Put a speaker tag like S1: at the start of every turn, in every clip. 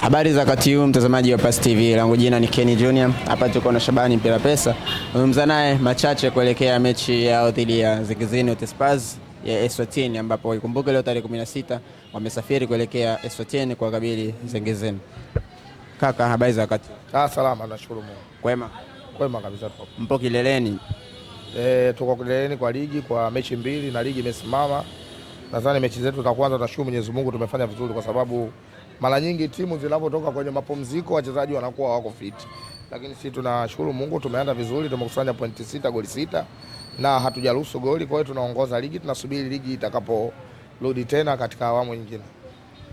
S1: Habari za wakati huu mtazamaji wa Pass TV, langu jina ni Kenny Junior. Hapa tuko na Shabani mpira pesa, umemza naye machache kuelekea mechi yao dhidi ya Zigizini Hotspurs ya Eswatini, ambapo ikumbuke leo tarehe 16 wamesafiri kuelekea Eswatini kwa kabili Zigizini. Kaka, habari za wakati?
S2: Ah, salama, nashukuru Mungu. Kwema? Kwema kabisa.
S1: Mpo kileleni?
S2: E, tuko kileleni kwa ligi kwa mechi mbili na ligi imesimama. Nadhani mechi zetu za kwanza tunashukuru Mwenyezi Mungu tumefanya vizuri kwa sababu mara nyingi timu zinapotoka kwenye mapumziko wachezaji wanakuwa wako fit, lakini sisi tunashukuru Mungu tumeanza vizuri, tumekusanya pointi sita, goli sita na hatujaruhusu goli. Kwa hiyo tunaongoza ligi, tunasubiri ligi itakaporudi tena katika awamu nyingine.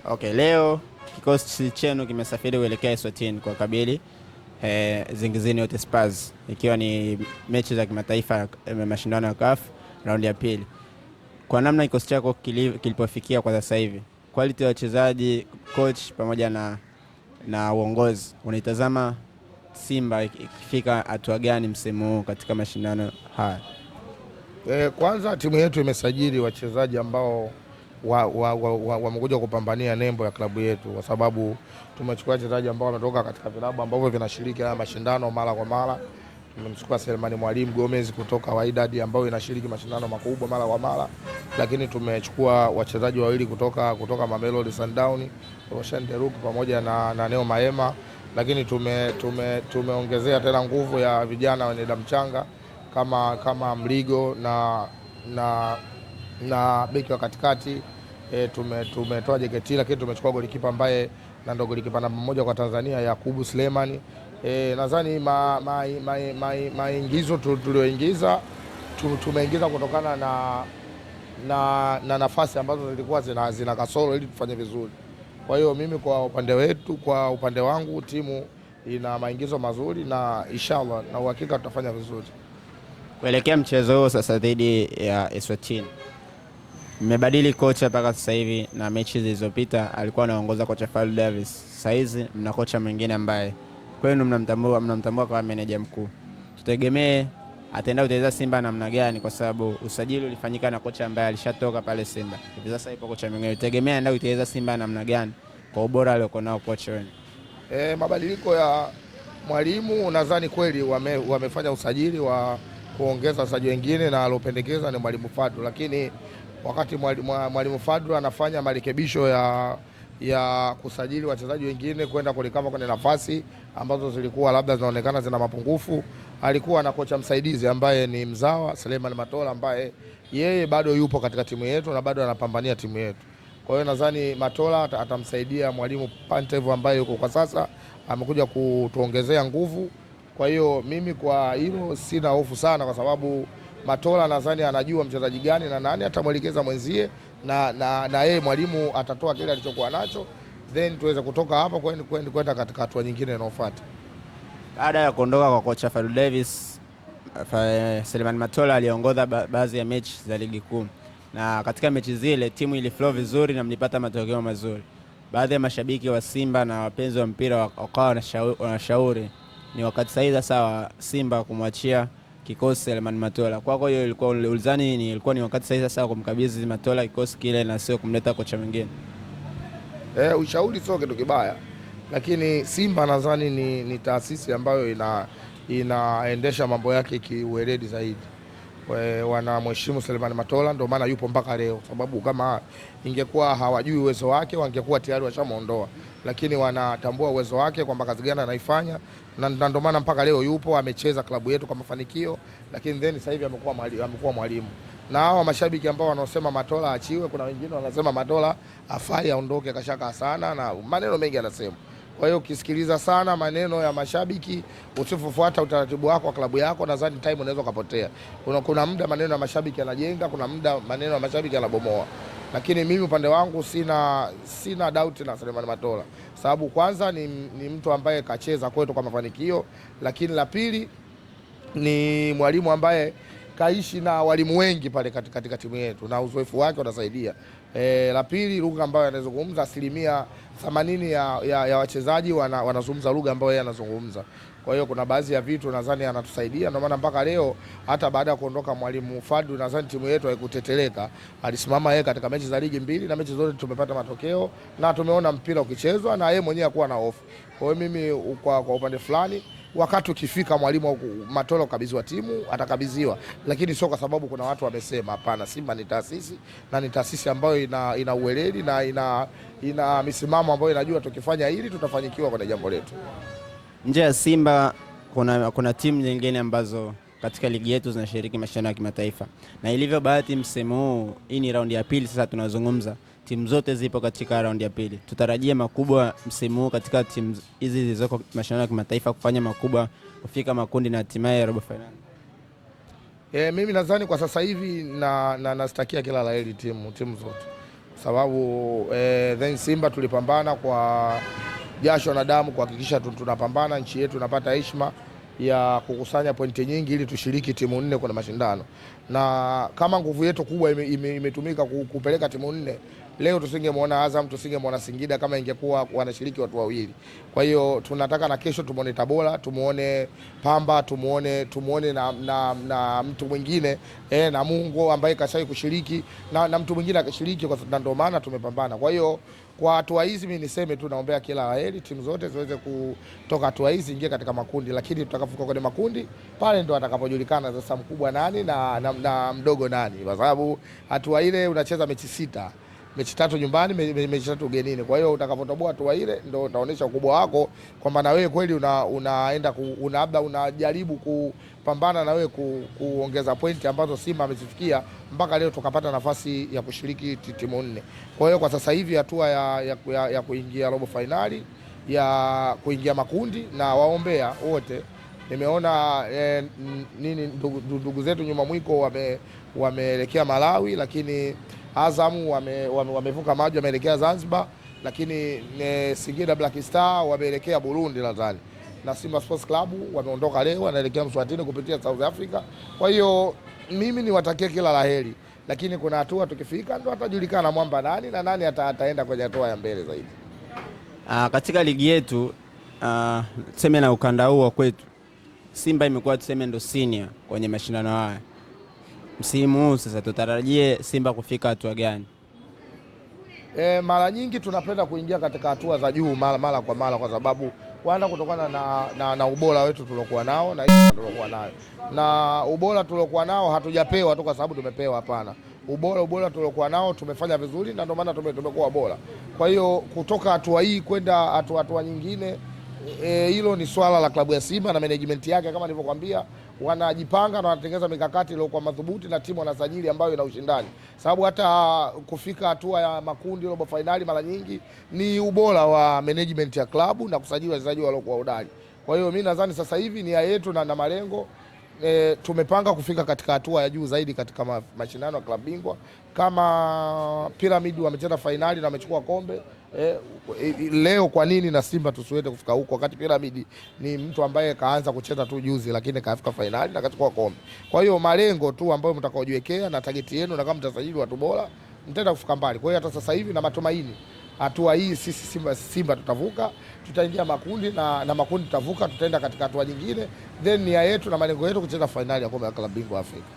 S1: Okay, leo kikosi chenu kimesafiri kuelekea Eswatini kwa kabili e, Zingizini Hot Spurs, ikiwa ni mechi za kimataifa eh, mashindano ya CAF raundi ya pili. Kwa namna kikosi chako kilipofikia kwa sasa hivi quality ya wachezaji, coach pamoja na, na uongozi. Unaitazama Simba ikifika hatua gani msimu huu katika mashindano haya?
S2: eh, kwanza timu yetu imesajili wachezaji ambao wamekuja wa, wa, wa kupambania nembo ya klabu yetu, kwa sababu tumechukua wachezaji ambao wanatoka katika vilabu ambavyo vinashiriki haya mashindano mara kwa mara tumemchukua Selemani Mwalimu Gomez kutoka Wydad ambayo inashiriki mashindano makubwa mara kwa mara, lakini tumechukua wachezaji wawili kutoka, kutoka Mamelodi Sundowns Roshan Deruk pamoja na, na Neo Maema, lakini tume, tume, tumeongezea tena nguvu ya vijana wenye damu changa kama, kama Mligo na, na, na beki wa katikati e, tumetoa tume, Jeketi, lakini tumechukua golikipa ambaye na ndo golikipa namba moja kwa Tanzania Yakubu Sulemani e, nadhani maingizo ma, ma, ma, ma tulioingiza tumeingiza kutokana na, na, na nafasi ambazo zilikuwa zina, zina kasoro ili tufanye vizuri. Kwa hiyo mimi kwa upande wetu, kwa upande wangu timu ina maingizo mazuri na inshallah na uhakika tutafanya vizuri
S1: kuelekea mchezo huo sasa dhidi ya Eswatini. Mmebadili kocha mpaka sasa hivi, na mechi zilizopita alikuwa anaongoza kocha Fadlu Davis, saizi mna kocha mwingine ambaye kwa hiyo mnamtambua, mnamtambua kama meneja mkuu. Tutegemee ataenda kuteleza Simba namna gani, kwa sababu usajili ulifanyika na kocha ambaye alishatoka pale Simba, hivi sasa ipo kocha mwingine. Tutegemee aenda kuteleza Simba namna gani kwa ubora aliokuwa nao kocha wenu.
S2: E, mabadiliko ya mwalimu nadhani kweli wame, wamefanya usajili wa kuongeza wachezaji wengine na alopendekeza ni mwalimu Fadru, lakini wakati mwalimu Fadru anafanya marekebisho ya, ya kusajili wachezaji wengine kwenda kulikava kwenye nafasi ambazo zilikuwa labda zinaonekana zina mapungufu. Alikuwa na kocha msaidizi ambaye ni mzawa Suleiman Matola, ambaye yeye bado yupo katika timu yetu na bado anapambania timu yetu. Kwa hiyo nadhani Matola atamsaidia mwalimu Pantev ambaye yuko kwa sasa, amekuja kutuongezea nguvu. Kwa hiyo mimi kwa hilo sina hofu sana, kwa sababu Matola nadhani anajua mchezaji gani na nani atamwelekeza mwenzie, na yeye na, yeye mwalimu atatoa kile alichokuwa nacho then tuweze kutoka hapa kwenda katika hatua nyingine inayofuata.
S1: Baada ya kuondoka kwa kocha Fadlu Davis, Selemani Matola aliongoza baadhi ya mechi za ligi kuu, na katika mechi zile timu iliflow vizuri na mlipata matokeo mazuri. Baadhi ya mashabiki wa Simba na wapenzi wa mpira wakawa wanashauri ni wakati sahihi sasa wa Simba kumwachia kikosi Selemani Matola. Kwako hiyo ilikuwa ulizani, ilikuwa ni wakati sahihi sasa kumkabidhi Matola kikosi kile na sio kumleta kocha mwingine?
S2: Eh, ushauri sio kitu kibaya, lakini Simba nadhani ni, ni taasisi ambayo ina inaendesha mambo yake kiueledi zaidi. Eh, wanamheshimu Selemani Matola, ndio maana yupo mpaka leo, sababu kama ingekuwa hawajui uwezo wake wangekuwa tayari washamuondoa, lakini wanatambua uwezo wake kwamba kazi gani anaifanya, na ndio maana mpaka leo yupo, amecheza klabu yetu kwa mafanikio, lakini then sasa hivi amekuwa mwalimu na hawa mashabiki ambao wanaosema Matola achiwe, kuna wengine wanasema Matola afai aondoke, kashaka sana na maneno mengi anasema. Kwa hiyo ukisikiliza sana maneno ya mashabiki, usipofuata utaratibu wako wa klabu yako, nadhani time unaweza kupotea. Kuna, kuna muda maneno ya mashabiki yanajenga, kuna muda maneno ya mashabiki yanabomoa, lakini mimi upande wangu sina, sina doubt na Selemani Matola sababu kwanza ni, ni mtu ambaye kacheza kwetu kwa mafanikio, lakini la pili ni mwalimu ambaye kaishi na walimu wengi pale katika timu yetu na uzoefu wake unasaidia. E, la pili lugha ambayo anazungumza, asilimia 80 ya, ya, ya wachezaji wana, wanazungumza lugha ambayo yeye anazungumza. Kwa hiyo kuna baadhi ya vitu nadhani anatusaidia, ndio maana mpaka leo hata baada ya kuondoka mwalimu Fadu nadhani timu yetu haikuteteleka. Alisimama yeye katika mechi za ligi mbili na mechi zote tumepata matokeo na tumeona mpira ukichezwa na yeye mwenyewe akuwa na hofu. Kwa hiyo mimi kwa, kwa upande fulani wakati ukifika mwalimu Matola ukabidhiwa timu atakabidhiwa, lakini sio kwa sababu kuna watu wamesema. Hapana, Simba ni taasisi na ni taasisi ambayo ina, ina uweledi na ina, ina misimamo ambayo inajua tukifanya hili tutafanyikiwa kwenye jambo letu.
S1: Nje ya Simba kuna, kuna timu nyingine ambazo katika ligi yetu zinashiriki mashindano ya kimataifa na ilivyo bahati msimu huu, hii ni raundi ya pili sasa tunazungumza timu zote zipo katika raundi ya pili. Tutarajie makubwa msimu huu katika timu hizi zilizoko mashindano ya kimataifa kufanya makubwa, kufika makundi na hatimaye robo fainali.
S2: E, eh, mimi nadhani kwa sasa hivi na, na nastakia kila la heri timu timu zote sababu e, then Simba tulipambana kwa jasho na damu kuhakikisha tunapambana nchi yetu inapata heshima ya kukusanya pointi nyingi ili tushiriki timu nne kwenye mashindano, na kama nguvu yetu kubwa imetumika ime, ime kupeleka timu nne leo tusingemwona Azam, tusingemwona Singida kama ingekuwa wanashiriki watu wawili. Kwa hiyo tunataka na kesho tumuone Tabora, tumuone Pamba, tumuone tumuone na, na, na mtu mwingine eh, na Mungu ambaye kashawahi kushiriki na, na mtu mwingine kwa sababu ndio maana tumepambana. Kwa hiyo kwa hatua hizi mimi niseme tu naombea kila laheri, timu zote ziweze kutoka hatua hizi, ingie katika makundi, lakini tutakapofuka kwenye makundi pale ndo atakapojulikana sasa mkubwa nani na, na, na mdogo nani, kwa sababu hatua ile unacheza mechi sita mechi tatu nyumbani, mechi tatu ugenini. Kwa hiyo utakapotoboa hatua ile ndio utaonesha ukubwa wako kwamba na wewe kweli una, unaenda una labda unajaribu kupambana na wewe ku, kuongeza pointi ambazo Simba amezifikia mpaka leo tukapata nafasi ya kushiriki timu nne. Kwa hiyo kwa sasa hivi hatua ya, ya, ya, ya kuingia robo fainali ya kuingia makundi na waombea wote nimeona eh, nini ndugu zetu nyuma mwiko wameelekea wame Malawi, lakini Azam wamevuka wame, wame maji wameelekea Zanzibar, lakini eh, Singida Black Star wameelekea Burundi nadhani, na Simba Sports Club wameondoka leo wanaelekea Mswatini kupitia South Africa. Kwa hiyo mimi niwatakie kila laheri, lakini kuna hatua tukifika ndo atajulikana mwamba nani na nani ata, ataenda kwenye hatua ya mbele zaidi.
S1: Uh, katika ligi yetu uh, tuseme na ukanda huu wa kwetu Simba imekuwa tuseme ndo senior kwenye mashindano haya msimu huu sasa tutarajie Simba kufika hatua gani?
S2: E, mara nyingi tunapenda kuingia katika hatua za juu mara mara kwa mara kwa sababu kwanza kutokana na, na, na ubora wetu tuliokuwa nao na tuliokuwa nayo na ubora tuliokuwa nao hatujapewa tu kwa sababu tumepewa, hapana. Ubora ubora tuliokuwa nao tumefanya vizuri na ndio maana tumekuwa bora. Kwa hiyo kutoka hatua hii kwenda hatua nyingine E, hilo e, ni swala la klabu ya Simba na management yake. Kama nilivyokuambia, wanajipanga na wanatengeneza mikakati iliyokuwa madhubuti na timu wanasajili ambayo ina ushindani, sababu hata kufika hatua ya makundi robo fainali mara nyingi ni ubora wa management ya klabu na kusajili wachezaji waliokuwa hodari. Kwa hiyo mi nadhani sasa hivi nia yetu na, na malengo E, tumepanga kufika katika hatua ya juu zaidi katika mashindano ya klabu bingwa. Kama Piramidi wamecheza fainali na wamechukua kombe, Eh, leo kwa nini na Simba tusiwete kufika huko, wakati Piramidi ni mtu ambaye kaanza kucheza tu juzi, lakini kafika fainali na kachukua kombe. Kwa hiyo malengo tu ambayo mtakaojiwekea na tageti yenu, na kama mtasajili watu bora, mtaenda kufika mbali. Kwa hiyo hata sasa hivi na matumaini hatua hii sisi Simba, Simba tutavuka, tutaingia makundi na, na makundi tutavuka, tutaenda katika hatua nyingine, then nia yetu na malengo yetu kucheza fainali ya kombe la klabu bingwa Afrika.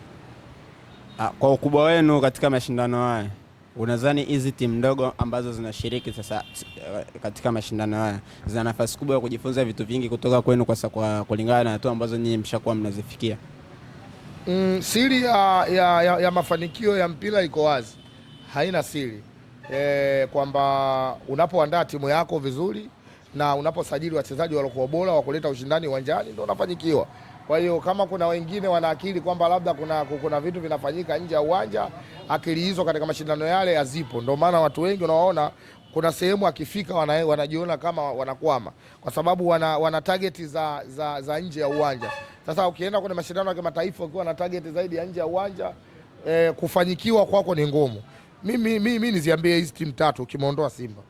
S1: Ah, Kwa ukubwa wenu katika mashindano haya Unadhani hizi timu ndogo ambazo zinashiriki sasa eh, katika mashindano haya zina nafasi kubwa ya kujifunza vitu vingi kutoka kwenu, kwa kwa kulingana na hatua ambazo nyinyi mshakuwa mnazifikia?
S2: Mm, siri ya, ya, ya, ya mafanikio ya mpira iko wazi, haina siri e, kwamba unapoandaa timu yako vizuri na unaposajili wachezaji waliokuwa bora wa kuleta ushindani uwanjani ndio unafanikiwa. Kwa hiyo kama kuna wengine wana akili kwamba labda kuna, kuna vitu vinafanyika nje ya uwanja, akili hizo katika mashindano yale hazipo. Ndio maana watu wengi unawaona kuna sehemu akifika wana, wanajiona kama wanakwama kwa sababu wana, wana target za, za, za nje ya uwanja. Sasa ukienda kwenye mashindano ya kimataifa ukiwa na target zaidi ya nje ya uwanja eh, kufanyikiwa kwako ni ngumu. Mimi mimi niziambie hizi timu tatu ukimwondoa Simba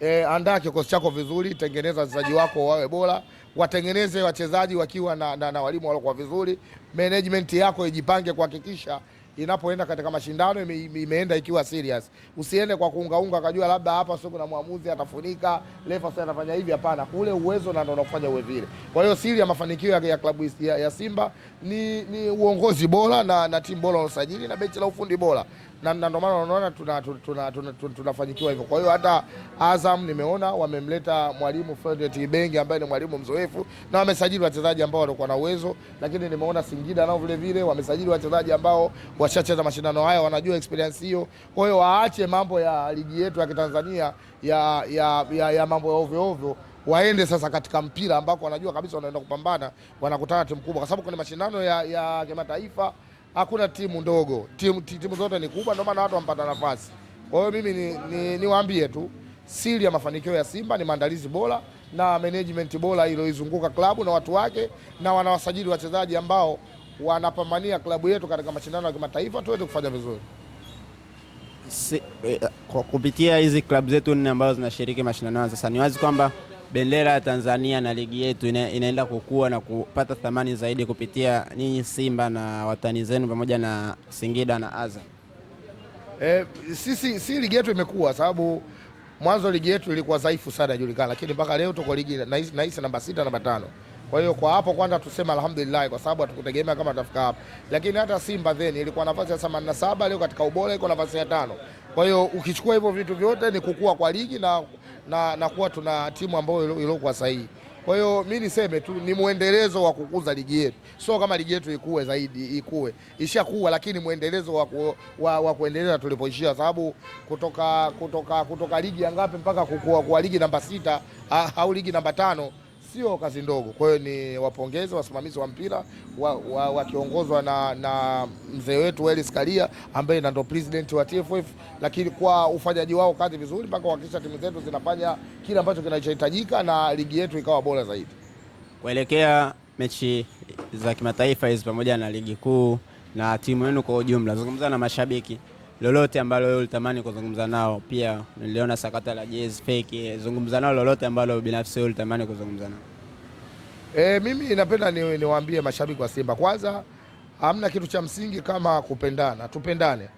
S2: eh, andaa kikosi chako vizuri, tengeneza wachezaji wako wawe bora watengeneze wachezaji wakiwa na, na, na walimu waliokuwa vizuri. Management yako ijipange kuhakikisha inapoenda katika mashindano ime, imeenda ikiwa serious. Usiende kwa kuungaunga akajua labda hapa sio kuna mwamuzi atafunika lefa sasa anafanya hivi. Hapana, kule uwezo na ndio unakufanya uwe vile. Kwa hiyo siri ya mafanikio ya, ya klabu ya, ya Simba ni, ni uongozi bora na, na timu bora usajili na benchi la ufundi bora na ndio maana unaona tunafanyikiwa tuna, tuna, tuna, tuna hivyo. Kwa hiyo hata Azam nimeona wamemleta mwalimu Fredet Ibenge ambaye ni mwalimu mzoefu na wamesajili wachezaji ambao walikuwa na uwezo, lakini nimeona Singida nao vile vile wamesajili wachezaji ambao washacheza mashindano haya, wanajua experience hiyo. Kwa hiyo waache mambo ya ligi yetu ya Kitanzania ya, ya, ya, ya mambo ya ovyo ovyo waende sasa katika mpira ambako wanajua kabisa wanaenda kupambana, wanakutana timu kubwa, kwa sababu kwenye mashindano ya, ya kimataifa hakuna timu ndogo, timu, timu zote ni kubwa, ndio maana watu wampata nafasi. Kwa hiyo mimi niwaambie ni, ni tu siri ya mafanikio ya Simba ni maandalizi bora na management bora iliyoizunguka klabu na watu wake, na wanawasajili wachezaji ambao wanapambania klabu yetu katika mashindano ya kimataifa tuweze kufanya vizuri.
S1: Si, eh, kwa kupitia hizi klabu zetu nne ambazo zinashiriki mashindano sasa, ni wazi kwamba bendera ya Tanzania na ligi yetu ina, inaenda kukua na kupata thamani zaidi kupitia nyinyi Simba na watani zenu pamoja na Singida na Azam.
S2: E, si, si si ligi yetu imekuwa sababu mwanzo ligi yetu ilikuwa dhaifu sana yajulikana, lakini mpaka leo tuko ligi nahisi namba sita namba tano. Kwa hiyo kwa hapo kwanza tuseme alhamdulillah, kwa sababu hatukutegemea kama tutafika hapa, lakini hata Simba then ilikuwa nafasi ya 87 leo katika ubora iko nafasi ya tano. Kwa hiyo ukichukua hivyo vitu vyote ni kukua kwa ligi na na, na kuwa tuna timu ambayo iliokuwa sahihi. Kwa hiyo mi niseme tu ni mwendelezo wa kukuza ligi yetu, sio kama ligi yetu ikue zaidi, ikue ishakuwa, lakini mwendelezo wa, ku, wa, wa kuendelea tulipoishia, sababu kutoka, kutoka, kutoka ligi ya ngapi mpaka kukua kwa ligi namba sita au ligi namba tano sio kazi ndogo. Kwa hiyo ni wapongeze wasimamizi wa mpira wakiongozwa wa, wa na, na mzee wetu Elis Karia ambaye ndio president wa TFF, lakini kwa ufanyaji wao kazi vizuri mpaka kuhakikisha timu zetu zinafanya kile ambacho kinachohitajika na ligi yetu ikawa bora zaidi
S1: kuelekea mechi za kimataifa hizi pamoja na ligi kuu na timu yenu kwa ujumla, zungumza na mashabiki lolote ambalo ulitamani kuzungumza nao. Pia niliona sakata la jezi feki, zungumza nao lolote ambalo binafsi ulitamani kuzungumza nao.
S2: E, mimi napenda niwaambie ni mashabiki wa Simba kwanza, hamna kitu cha msingi kama kupendana, tupendane.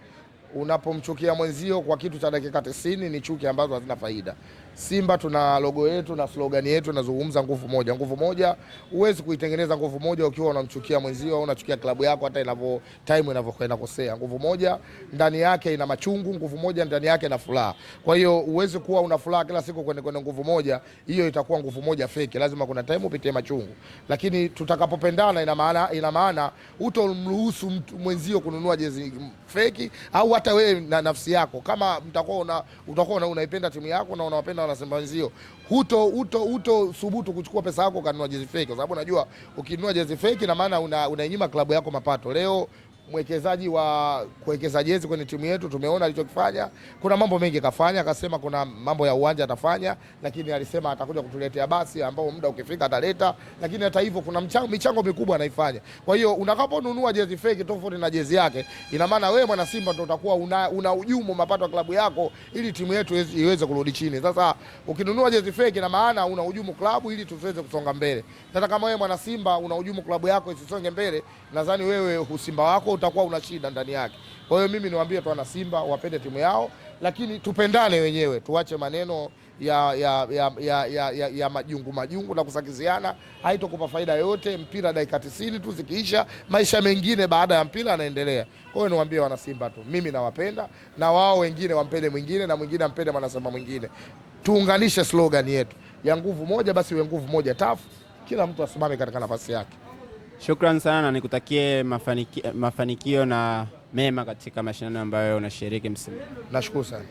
S2: Unapomchukia mwenzio kwa kitu cha dakika 90 ni chuki ambazo hazina faida. Simba tuna logo yetu na slogan yetu inazungumza nguvu moja. Nguvu moja huwezi kuitengeneza nguvu moja ukiwa unamchukia mwenzio au unachukia klabu yako hata inavyo time inavyokwenda kosea. Nguvu moja ndani yake ina machungu, nguvu moja ndani yake ina furaha. Kwa hiyo huwezi kuwa una furaha kila siku kwenye kwenye nguvu moja, hiyo itakuwa nguvu moja fake. Lazima kuna time upitie machungu. Lakini tutakapopendana ina maana ina maana utomruhusu mtu mwenzio kununua jezi fake au hata wewe na nafsi yako. Kama mtakuwa una utakuwa unaipenda timu yako na unawapenda sana Simba wenzio, huto huto huto thubutu kuchukua pesa yako ukanunua jezi fake, kwa sababu unajua ukinunua jezi fake na maana una klabu yako mapato leo mwekezaji wa kuwekeza jezi kwenye timu yetu, tumeona alichokifanya. Kuna mambo mengi kafanya, akasema kuna mambo ya uwanja atafanya, lakini alisema atakuja kutuletea basi ambao muda ukifika ataleta, lakini hata hivyo kuna mchango, michango mikubwa anaifanya. Kwa hiyo unakaponunua jezi fake tofauti na jezi yake, ina maana wewe mwana Simba ndio utakuwa una, una ujumu mapato ya klabu yako ili timu yetu iweze kurudi chini. Sasa ukinunua jezi fake, na maana una ujumu klabu ili tuweze kusonga mbele. Sasa kama wewe mwana Simba una ujumu klabu yako isisonge mbele, nadhani wewe usimba wako utakuwa una shida ndani yake. Kwa hiyo mimi niwaambie tu wana Simba wapende timu yao, lakini tupendane wenyewe, tuache maneno ya, ya, ya, ya, ya, ya, ya majungu majungu na kusakiziana, haitokupa faida yoyote. Mpira dakika 90 tu zikiisha, maisha mengine baada ya mpira anaendelea. Kwa hiyo niwaambie wana Simba tu, mimi nawapenda na wao wengine wampende mwingine na mwingine ampende mwanasema mwingine. Tuunganishe slogan yetu ya nguvu moja basi, we nguvu moja tafu, kila mtu asimame katika nafasi yake.
S1: Shukran sana na nikutakie mafanikio na mema katika mashindano ambayo unashiriki msimu.
S2: Nashukuru sana.